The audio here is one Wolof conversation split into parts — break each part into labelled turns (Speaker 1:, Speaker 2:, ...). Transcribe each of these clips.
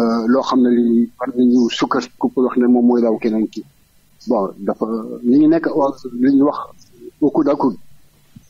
Speaker 1: Euh, loo xam ne lii war nañu sukkandiku pour wax ne moom mooy daaw keneen ki bon dafa li ñu nekk li ñu wax au coude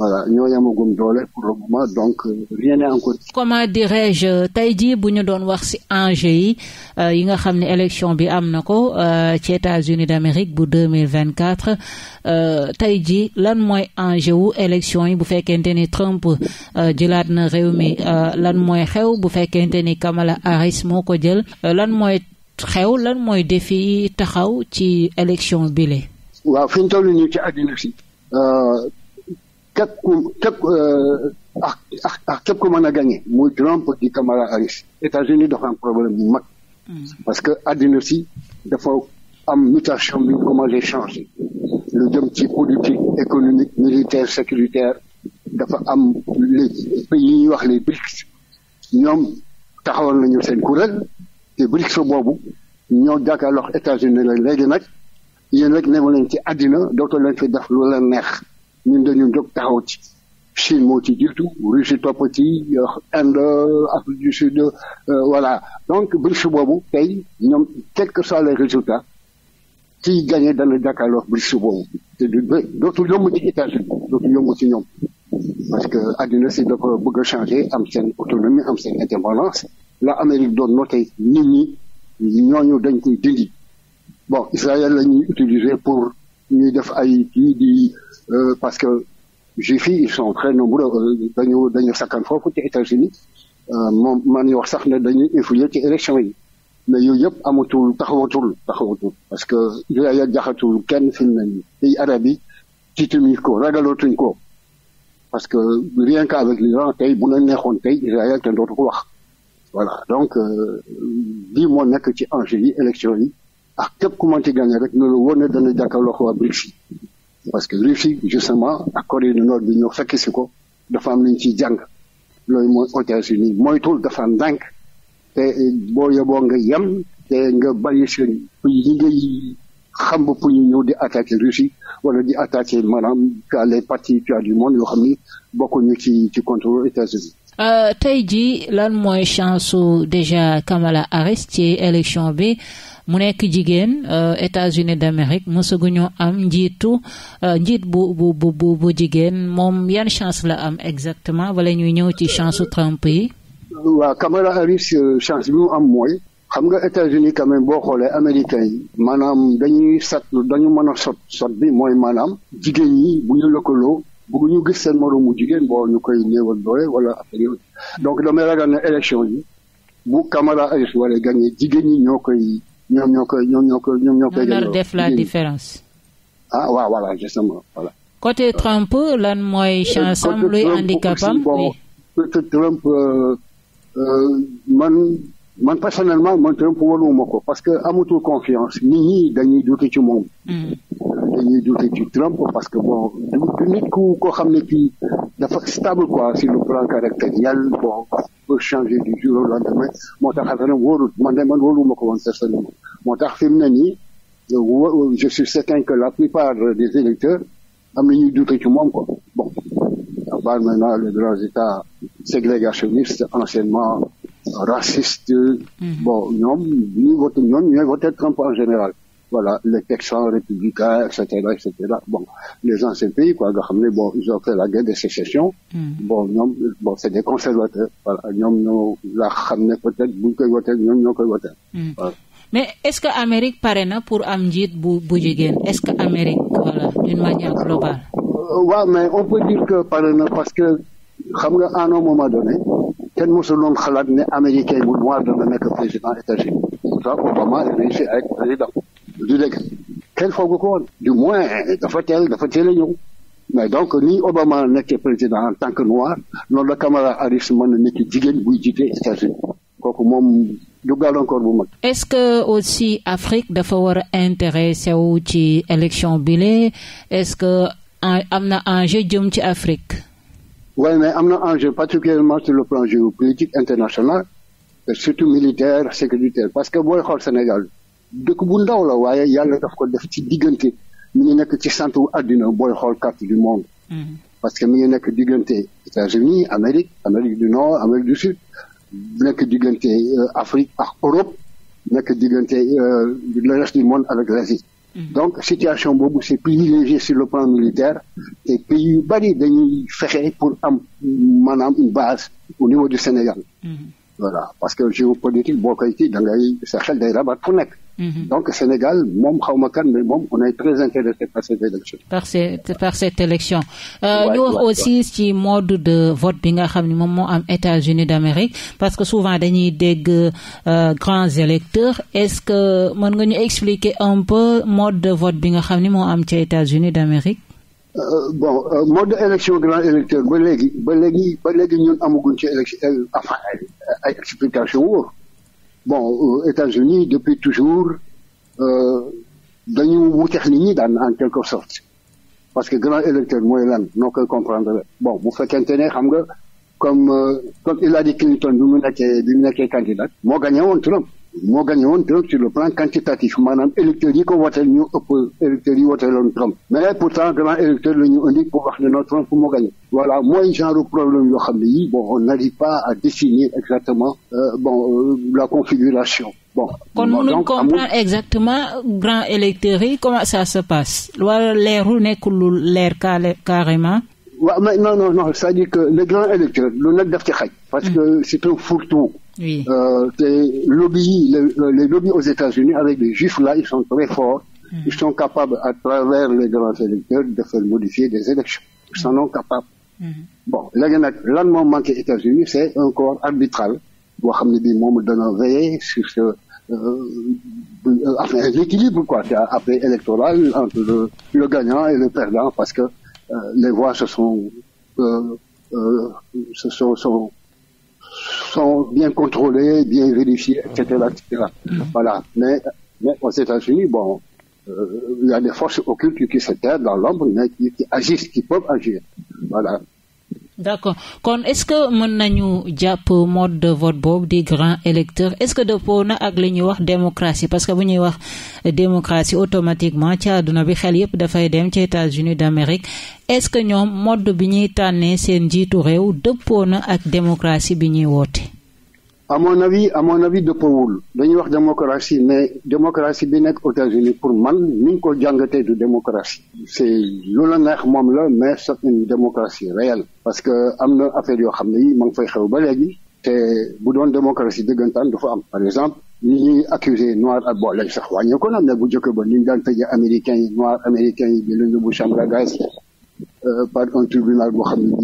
Speaker 1: voilà ñoo yamagum doole pour le donc rien n'est encore.
Speaker 2: comment dirais-je tey jii bu ñu doon wax ci enjeu yi euh, yi nga xam ne élection bi am na ko euh, ci États-Unis d'Amérique bu deux mille vingt quatre euh, tey jii lan mooy enjeu wu élection yi bu fekkente ni Trump jëlaat na réew mi lan mooy xew bu fekkente ni Kamala Harris moo ko jël lan mooy xew lan mooy defi taxaw ci élection bile.
Speaker 1: waaw fi ñu toll nii ci àddina si. képp ku képp ah ah képp ku man a gagné muy Trump di Kamala Harris États-Unis dox am problème bu mag. Mm. parce que àddina si dafa am mutation bi commencé changé lu jëm ci politique économique militaire sécuritaire dafa am les pays yi wax les BRICS ñoom taxawal nañu seen kuréel te BRICS boobu ñoo jàkkaarloog États-Unis la léegi nag yéen rek ne newu leen ci àddina dootoo leen fi def lu la neex ñun dañu jóg taxaw ci Chine moo ci jiitu Russie topp ci Inde Afrique du Sud euh, voilà donc BRICS boobu tey ñoom quel que soit les résultats kiy gagné dana jàkkaarloo BRICS boobu dootu yomb ci États-Unis dootu yomb ci ñoom parce que àddina si dafa bëgg a am seen autonomie am seen indépendance la Amérique doon noté nit ñooñu dañ koy dindi bon Israël la ñuy utiliser pour ñuy def ay kii di euh, parce que juifs fi ils sont très nombreux euh, dañu dañu sakkan foofu ci États-Unis euh, moom man ñu wax sax ne dañuy influer ci élection yi mais yooyu yëpp amatul taxawatul taxawatul parce que yooya jaxatul kenn fi mu ne nii pays arab yi tiituñu ko ragalootuñ ko parce que rien qu'avec l'Iran tey bu la neexoon tey Israël te dootu ko wax voilà donc lii moo nekk ci enjeu yi élection yi ak képp ku mënti rek ne la wóor ne dana jàkkaarloo ko ak Russie parce que Russie justement ak Corée du Nord bi ñoo fekk si ko dafa am lu ñu ciy jàng loolu mooy États-Unis moytul dafa ndànk te eh, boo yeboo nga yem te nga bàyyi seen ñi ngay xam ba pour ñu ñëw di attaquer Russie wala di attaquer maanaam tu as les partis tu as du monde yoo xam ni bokkuñu ci ci contrôle États-Unis
Speaker 2: Euh, tey jii lan mooy chance su déjà Kamala Harris ci élection bi mu nekk jigéen euh, États-Unis d'Amérique mosaguñu am njiitu euh, njiit bu bu bu jigéen moom yan chance la am exactement wala ñuy ñëw ci chance su Trump yi.
Speaker 1: waaw Kamala Harris chance bi mu am mooy. xam nga États-Unis quand boo xoolee américains yi maanaam dañuy sat dañu mën a sot sot bi mooy maanaam jigéen ñi bu ñu lëkkaloo bëgguñu gis seen moroomu jigéen boo ñu koy néewal doole wala affaire yooyu donc damay ragal ne élection yi bu Camara Ayes wala gagné jigéen ñi ñoo koy ñoom ñoo koy ñoom ñoo koy ñoom ñoo koy. def la différence. ah waaw voilà justement voilà.
Speaker 2: côté Trump lan mooy euh, chance am luy handicapam
Speaker 1: euh, euh, man man personnellement man Trump wóoluwuma ko parce que amatul confiance nit dañuy duti ci moom. Mm. ñuy duute parce que bon du nit ku koo xam ne kii dafa stable quoi sur le plan caractériel bon peut changer du jour au lendemain moo tax affaire am wóorul man de moo tax fi mu ne nii je suis certain que la plupart des électeurs am na ci moom quoi bon à part maintenant les grands états ségrégationnistes anciennement racistes mhm. bon Trump en général voilà les Texans républicains et les anciens pays quoi nga xam ne bon ils ont fait la guerre de sécession. Mm. bon ñoom bon c'est des conservateurs voilà la xam ne peut-être buñ koy woteel ñoom ñoo koy mm.
Speaker 2: mais est-ce que Amérique pare na pour am njiit bu bu jigéen est-ce que Amérique d'une manière globale.
Speaker 1: Euh, waaw mais on peut dire que pare parce que xam nga à un moment donné kenn mosul doon xalaat président états Obama est réussi à président. du dëgg kenn foogu ko woon du moins dafa teel dafa teel a ñëw mais donc ni Obama nekkee président en tant que noir noonu la Kamala Harris mën na nekk jigéen buy jiite États-Unis kooku moom du gàllankoor bu mag.
Speaker 2: est-ce que aussi Afrique dafa war a intéressé wu ci élection bile est-ce que am na enjeu jëm ci Afrique.
Speaker 1: waaye mais am na enjeu particulièrement sur le plan géopolitique international surtout militaire sécuritaire parce que booy Sénégal. dëkk bu ndaw la waaye yàlla daf ko def ci diggante mi nekk ci centre addina booy xool carte du monde. Mhm. parce que mi ngi nekk diggante États-Unis Amérique Amérique du Nord Amérique du Sud nekk diggante euh, Afrique ak Europe nekk diggante euh, le reste du monde avec l'Asie mhm. donc situation boobu c'est privilégié sur le plan militaire te pays bari dañuy fexe pour am maanaam une base au niveau du Sénégal. Mhm. voilà parce que géopolitique boo koy kii da sa xel day rabat fu Mhm. donc Sénégal moom xaw ma kan mais moom on est très intéressé par cette élection.
Speaker 2: par cette élection. Euh, ñu aussi ci mode de vote bi nga xam ne moom moo am États-Unis d'Amérique parce que souvent dañuy dégg euh, grands électeurs est-ce que mën nga ñu expliquer un peu mode de vote bi nga xam ne moo am ci États-Unis d'Amérique.
Speaker 1: Euh, bon mode élection grand électeur ba léegi ba léegi ba léegi ñun amaguñ ci élection enfin ay ay explication wóor bon aux États-Unis depuis toujours euh, dañu wuteex nit ñi daan en quelque sorte parce que grand électeur mooy lan noo koy comprendre bon bu fekkente ne xam nga comme euh, comme Hillary Clinton bi mu nekkee bi mu nekkee candidat moo gagné woon Trump moo gagné woon Trump sur le plan quantitatif maanaam électeurs yi ko woteel ñu ëpp électeurs yi woteeloon Trump mais pourtant grand électeur la ñu indi pour wax ne non Trump moo gagné voilà mooy genre problème yoo xam pas à dessiner exactement euh, euh, la configuration bon. kon mënuñ
Speaker 2: exactement grand électeurs comment ça se passe wala leerul nekkul lu leer carrément.
Speaker 1: parce hmm. que c'est un fourre Oui. Euh, les lobbies, les, euh, les, lobbies aux États-Unis avec les juifs ils sont très forts. Hmm. Ils sont capables, à travers les grands électeurs, de faire modifier des élections. Ils sont hmm. non capables. Hmm. bon léegi États-Unis c'est un corps arbitral boo xam ne sur l'équilibre euh, euh, après électoral entre le, gagnant et le perdant parce que euh, les voix se sont sont bien contrôlés, bien vérifiés, etc. etc. Mm. Voilà. Mais, mais aux États-Unis, bon, euh, il y a des forces occultes qui se terrent dans l'ombre, mais qui, qui qui peuvent agir. Voilà.
Speaker 2: d' accord kon est ce que mën nañu jàpp mode de vote boobu di grand électeur est ce que dëppoo na ak li ñuy wax démocratie parce que bu ñuy wax démocratie automatiquement ci àdduna bi xel yépp dafay dem ci États-Unis d' Amérique est ce que ñoom mode bi ñuy tànnee seen njiitu réew dëppoo na ak démocratie bi ñuy woote.
Speaker 1: à mon avis a mon avis dëppawul dañuy wax démocratie mais démocratie bi nekk aux États-Unis pour man ni ñu ko jàngatee du démocratie c'est lu la neex moom la mais c'est une démocratie réelle parce que am na affaire yoo xam ne yi ma ngi fay xew ba léegi te bu doon démocratie dëggantaan dafa am par exemple ni ñuy accusé noir ak bon léegi sax wàññeeku na mais bu njëkk ba ni ñu daan tëjee américains yi noir américains yi di leen yóbbu chambre à gaz euh, par un tribunal boo xam ne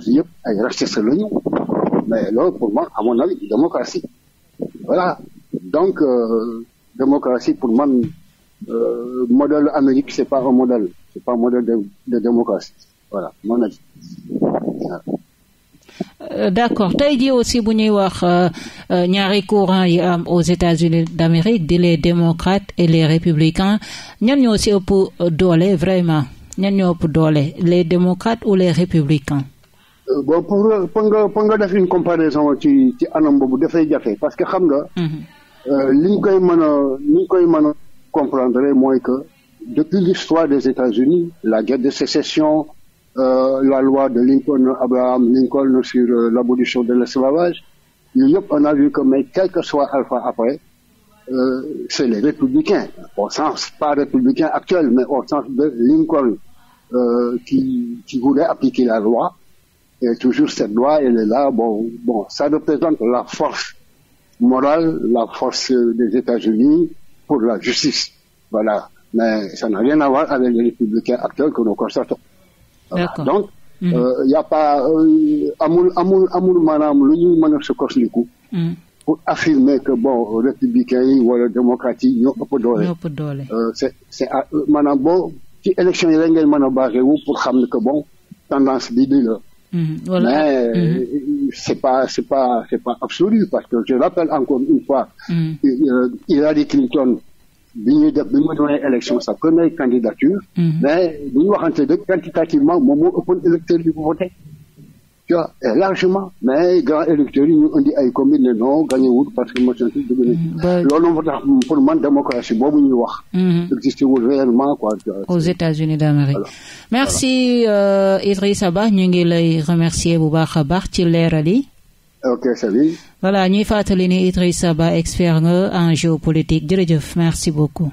Speaker 1: bii yëpp ay racistes lañu mais loolu pour moi à mon avis démocratie voilà donc euh, démocratie pour man euh, modèle Amérique c'est pas un modèle de, démocratie voilà mon avis
Speaker 2: euh, d'accord tey jii aussi bu ñuy wax euh, euh, ñaari courant yi am aux États-Unis d'Amérique di les démocrates et les républicains ñan ñoo ci ëpp doole vraiment ñan ñoo ëpp doole les démocrates ou les républicains
Speaker 1: bon pour nga pour nga pour nga def une comparaison ci ci anam boobu dafay parce que xam nga. Mhm. Euh, li a li ñu koy mën a mooy que depuis l'histoire des États-Unis la guerre de sécession euh, la loi de Lincoln Abraham Lincoln sur euh, l'abolition de l'esclavage yooyu yëpp on a vu que mais quel que soit alpha après euh, c'est les républicains au sens pas républicain actuel mais au sens de Lincoln euh, qui voulait appliquer la loi Il y a toujours cette loi, elle est là. Bon, bon, ça représente la force morale, la force des États-Unis pour la justice. Voilà. Mais ça n'a rien à avec les républicains actuels que nous constatons. Donc, il mmh. Euh, a pas euh, amul amul amul maanaam lu ñuy a sukkandiku mhm. pour affirmer que bon républicains yi wala démocrates yi ñoo ëpp euh, c'est c'est ah, maanaam élection yi rek ngeen mën a pour xam que bon tendance bi
Speaker 2: Mhm. voilà. mais
Speaker 1: mhm. c'est pas c'est pas c'est pas absolu parce que je rappelle encore une fois. Mhm. Euh, Hillary Clinton. bi ñuy def bi mu élection sa première candidature. quantitativement moom moo ëppoon tu vois largement mais grand électeurs indi ay communes non gagné wul parce que motion si dugg na loolu moo tax pour man démocratie boobu ñuy wax mm-hmm. existé wul réellement quoi aux
Speaker 2: États-Unis d'Amérique merci voilà. Euh, Idrissa Ba ñu ngi lay remercier bu baax a baax ci leeral yi ok salut voilà ñuy fàttali ni Idrissa Ba expert nga en géopolitique jërëjëf merci beaucoup